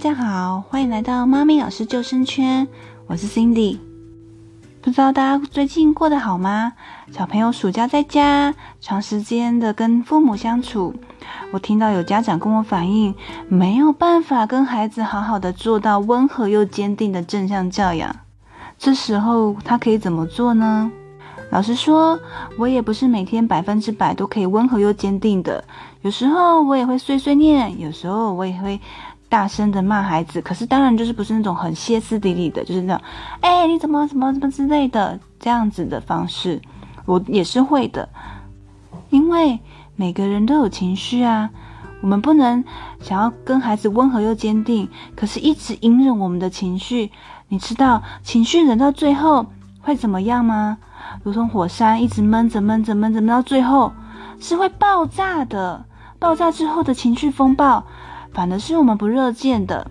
大家好，歡迎來到媽咪老師救生圈，我是 Cindy。不知道大家最近過得好嗎？小朋友暑假在家，長時間的跟父母相處，我聽到有家長跟我反映，沒有辦法跟孩子好好的做到溫和又堅定的正向教養。這時候他可以怎麼做呢？老實說，我也不是每天百分之百都可以溫和又堅定的，有時候我也會碎碎念，有時候我也會，大聲的罵孩子，可是當然就是不是那種很歇斯底里的，就是那種，哎、欸，你怎麼怎麼怎麼之類的這樣子的方式，我也是會的，因為每個人都有情緒啊，我們不能想要跟孩子溫和又堅定，可是一直隱忍我們的情緒，你知道情緒忍到最後會怎麼樣嗎？如同火山一直悶着，悶着悶着悶着悶到最後是會爆炸的，爆炸之後的情緒風暴。反而是我們不熱見的，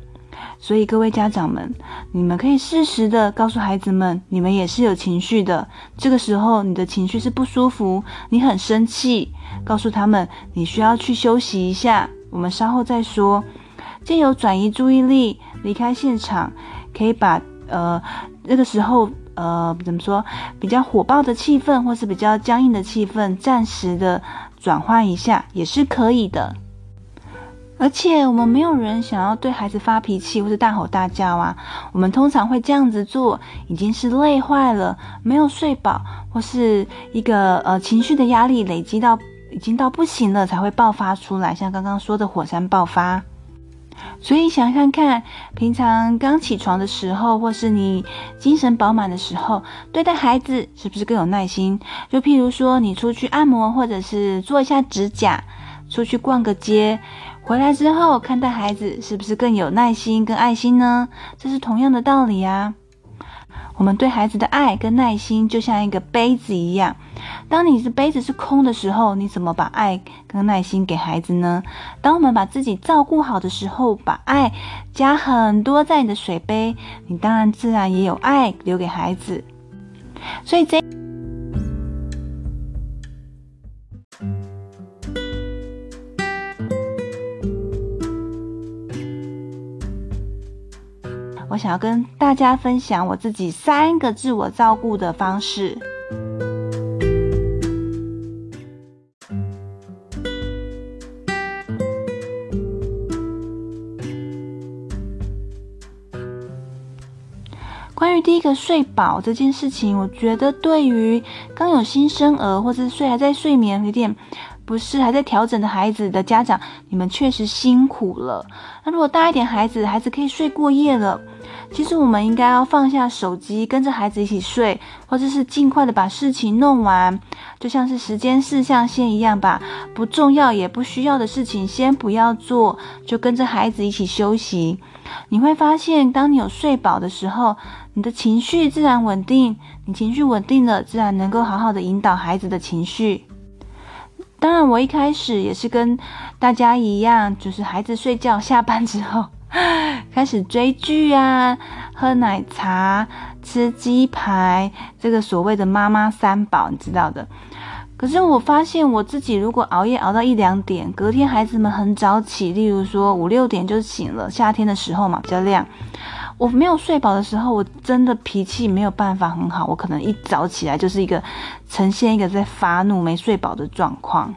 所以各位家長們，你們可以適時的告訴孩子們，你們也是有情緒的。這個時候你的情緒是不舒服，你很生氣，告訴他們你需要去休息一下，我們稍後再說。借由轉移注意力、離開現場，可以把呃那、這個時候呃怎麼說比較火爆的氣氛，或是比較僵硬的氣氛，暫時的轉換一下，也是可以的。而且我們沒有人想要對孩子發脾氣或是大吼大叫啊，我們通常會這樣子做，已經是累壞了，沒有睡飽，或是一個呃情緒的壓力累積到已經到不行了，才會爆發出來，像剛剛說的火山爆發。所以想想看，平常剛起床的時候，或是你精神飽滿的時候，對待孩子是不是更有耐心？就譬如說你出去按摩，或者是做一下指甲。出去逛個街，回來之後看待孩子是不是更有耐心跟愛心呢？這是同樣的道理啊。我們對孩子的愛跟耐心就像一個杯子一樣，當你的杯子是空的時候，你怎麼把愛跟耐心給孩子呢？當我們把自己照顧好的時候，把愛加很多在你的水杯，你當然自然也有愛留給孩子。所以這。想要跟大家分享我自己三個自我照顧的方式。關於第一個睡飽這件事情，我覺得對於剛有新生兒或者睡還在睡眠有點。不是還在調整的孩子的家長，你們確實辛苦了。那如果大一點孩子，孩子可以睡過夜了，其實我們應該要放下手機，跟着孩子一起睡，或者是儘快的把事情弄完，就像是時間四象限一樣，把不重要也不需要的事情先不要做，就跟着孩子一起休息。你會發現，當你有睡飽的時候，你的情緒自然穩定。你情緒穩定了，自然能夠好好的引導孩子的情緒。當然，我一開始也是跟大家一樣，就是孩子睡覺、下班之後，開始追劇啊，喝奶茶、吃雞排，這個所謂的媽媽三寶，你知道的。可是我發現我自己如果熬夜熬到一兩點，隔天孩子們很早起，例如說五六點就醒了，夏天的時候嘛，比較亮。我沒有睡飽的時候，我真的脾氣沒有辦法很好。我可能一早起來就是一個呈現一個在發怒、沒睡飽的狀況。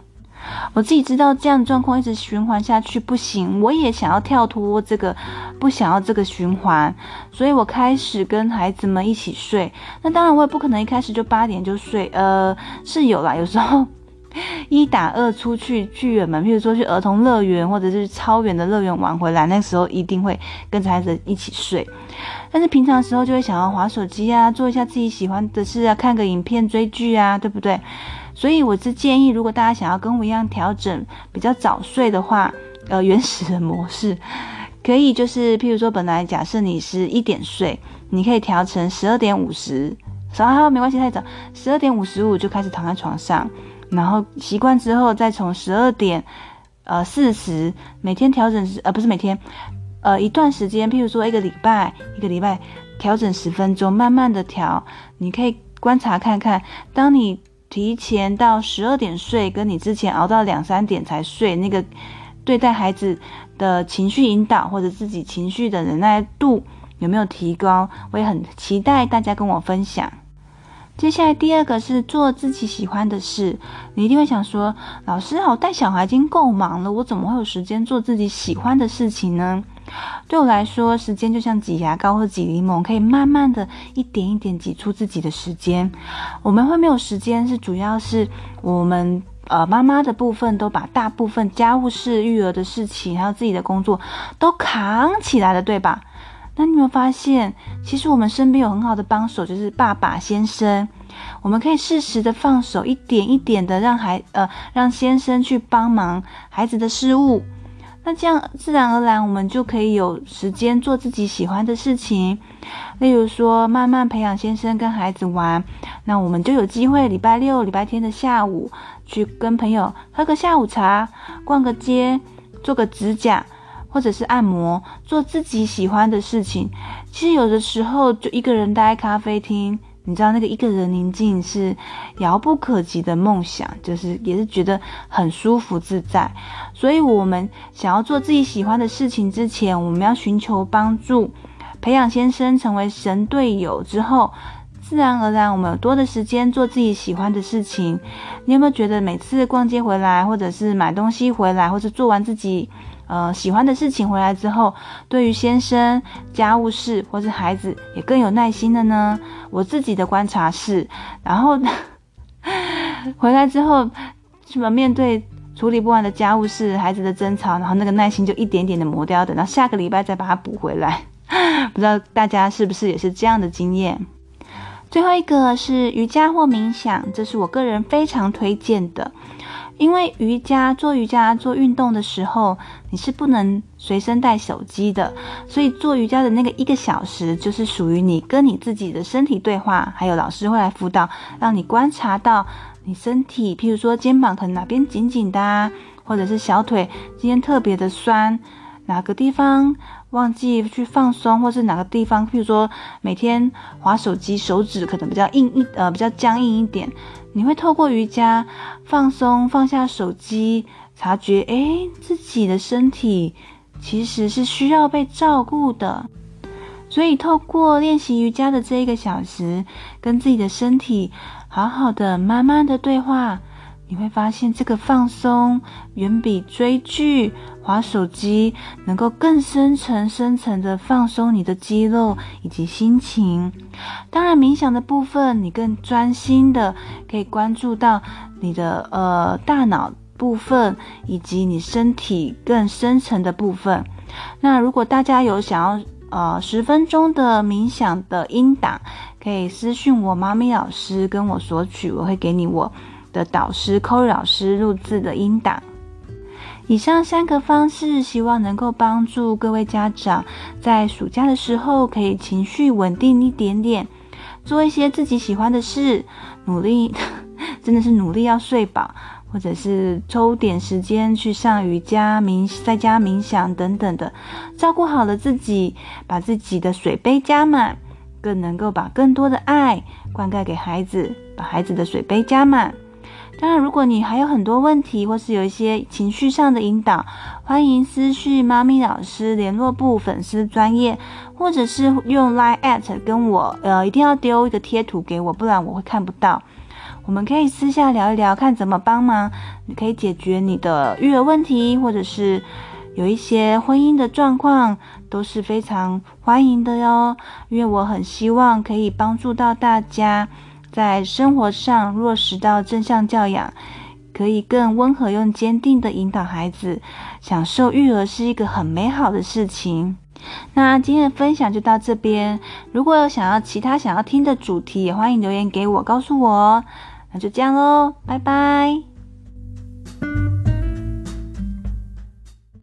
我自己知道這樣的狀況一直循環下去不行，我也想要跳脫這個，不想要這個循環，所以我開始跟孩子們一起睡。那當然，我也不可能一開始就八點就睡，呃，是有啦，有時候。一打二出去去遠門，譬如說去兒童樂園，或者是超遠的樂園玩回來，那時候一定會跟著孩子一起睡。但是平常的時候就會想要滑手機啊，做一下自己喜歡的事啊，看個影片追劇啊，對不對？所以我是建議，如果大家想要跟我一樣調整比較早睡的話，呃，原始的模式可以就是譬如說，本來假設你是一點睡，你可以調成十二點五十，稍後沒關係太早，十二點五十五就開始躺在床上。然後習慣之後，再從十二點，呃，四十每天調整十，呃，不是每天，呃，一段時間，譬如說一個禮拜，一個禮拜調整十分鐘，慢慢的調，你可以觀察看看，當你提前到十二點睡，跟你之前熬到兩三點才睡，那個對待孩子的情緒引導或者自己情緒的忍耐度有沒有提高？我也很期待大家跟我分享。接下來第二個是做自己喜歡的事，你一定會想說，老師啊，我帶小孩已經夠忙了，我怎麼會有時間做自己喜歡的事情呢？對我來說，時間就像擠牙膏或擠檸檬，可以慢慢的一點一點擠出自己的時間。我們會沒有時間，是主要是我們呃媽媽的部分都把大部分家務事、育兒的事情，還有自己的工作都扛起來了，對吧？那你有沒有發現，其實我們身邊有很好的幫手，就是爸爸先生。我們可以適時的放手，一點一點的讓孩呃讓先生去幫忙孩子的事物。那這樣自然而然，我們就可以有時間做自己喜歡的事情。例如說，慢慢培養先生跟孩子玩，那我們就有機會禮拜六、禮拜天的下午去跟朋友喝個下午茶、逛個街、做個指甲。或者是按摩，做自己喜歡的事情。其實有的時候就一個人待咖啡廳，你知道那個一個人寧靜是遙不可及的夢想，就是也是覺得很舒服自在。所以，我們想要做自己喜歡的事情之前，我們要尋求幫助，培養先生成為神隊友之後，自然而然我們有多的時間做自己喜歡的事情。你有沒有覺得每次逛街回來，或者是買東西回來，或者做完自己呃，喜歡的事情回來之後，對於先生家務事或是孩子也更有耐心了呢。我自己的觀察是，然後回來之後，什麼面對處理不完的家務事、孩子的爭吵，然後那個耐心就一點點的磨掉，等到下個禮拜再把它補回來。不知道大家是不是也是這樣的經驗？最後一個是瑜伽或冥想，這是我個人非常推薦的。因為瑜伽做瑜伽做運動的時候，你是不能隨身帶手機的，所以做瑜伽的那個一個小時就是屬於你跟你自己的身體對話，還有老師會來輔導，讓你觀察到你身體，譬如說肩膀可能哪邊緊緊的啊，或者是小腿今天特別的酸。哪個地方忘記去放鬆，或是哪個地方，譬如說每天滑手機，手指可能比較硬一，呃，比較僵硬一點，你會透過瑜伽放鬆，放下手機，察覺，哎，自己的身體其實是需要被照顧的，所以透過練習瑜伽的這一個小時，跟自己的身體好好的、慢慢的對話。你會發現這個放鬆遠比追劇、滑手機能夠更深層、深層的放鬆你的肌肉以及心情。當然，冥想的部分你更專心的可以關注到你的呃大腦部分以及你身體更深層的部分。那如果大家有想要呃十分鐘的冥想的音檔，可以私訊我媽咪老師跟我索取，我會給你我。的導師 k u 老師錄製的音檔，以上三個方式，希望能夠幫助各位家長在暑假的時候可以情緒穩定一點點，做一些自己喜歡的事，努力，真的是努力要睡飽，或者是抽點時間去上瑜伽冥在家冥想等等的，照顧好了自己，把自己的水杯加滿，更能夠把更多的愛灌溉給孩子，把孩子的水杯加滿。當然，如果你還有很多問題，或是有一些情緒上的引導，歡迎私訊媽咪老師聯絡部粉絲專頁，或者是用 Line at 跟我，呃，一定要丟一個貼圖給我，不然我會看不到。我們可以私下聊一聊，看怎麼幫忙，你可以解決你的育兒問題，或者是有一些婚姻的狀況，都是非常歡迎的喲、哦。因為我很希望可以幫助到大家。在生活上落實到正向教養，可以更溫和又堅定地引導孩子。享受育兒是一個很美好的事情。那今天的分享就到這邊。如果有想要其他想要聽的主題，也歡迎留言給我，告訴我。那就這樣嘍，拜拜。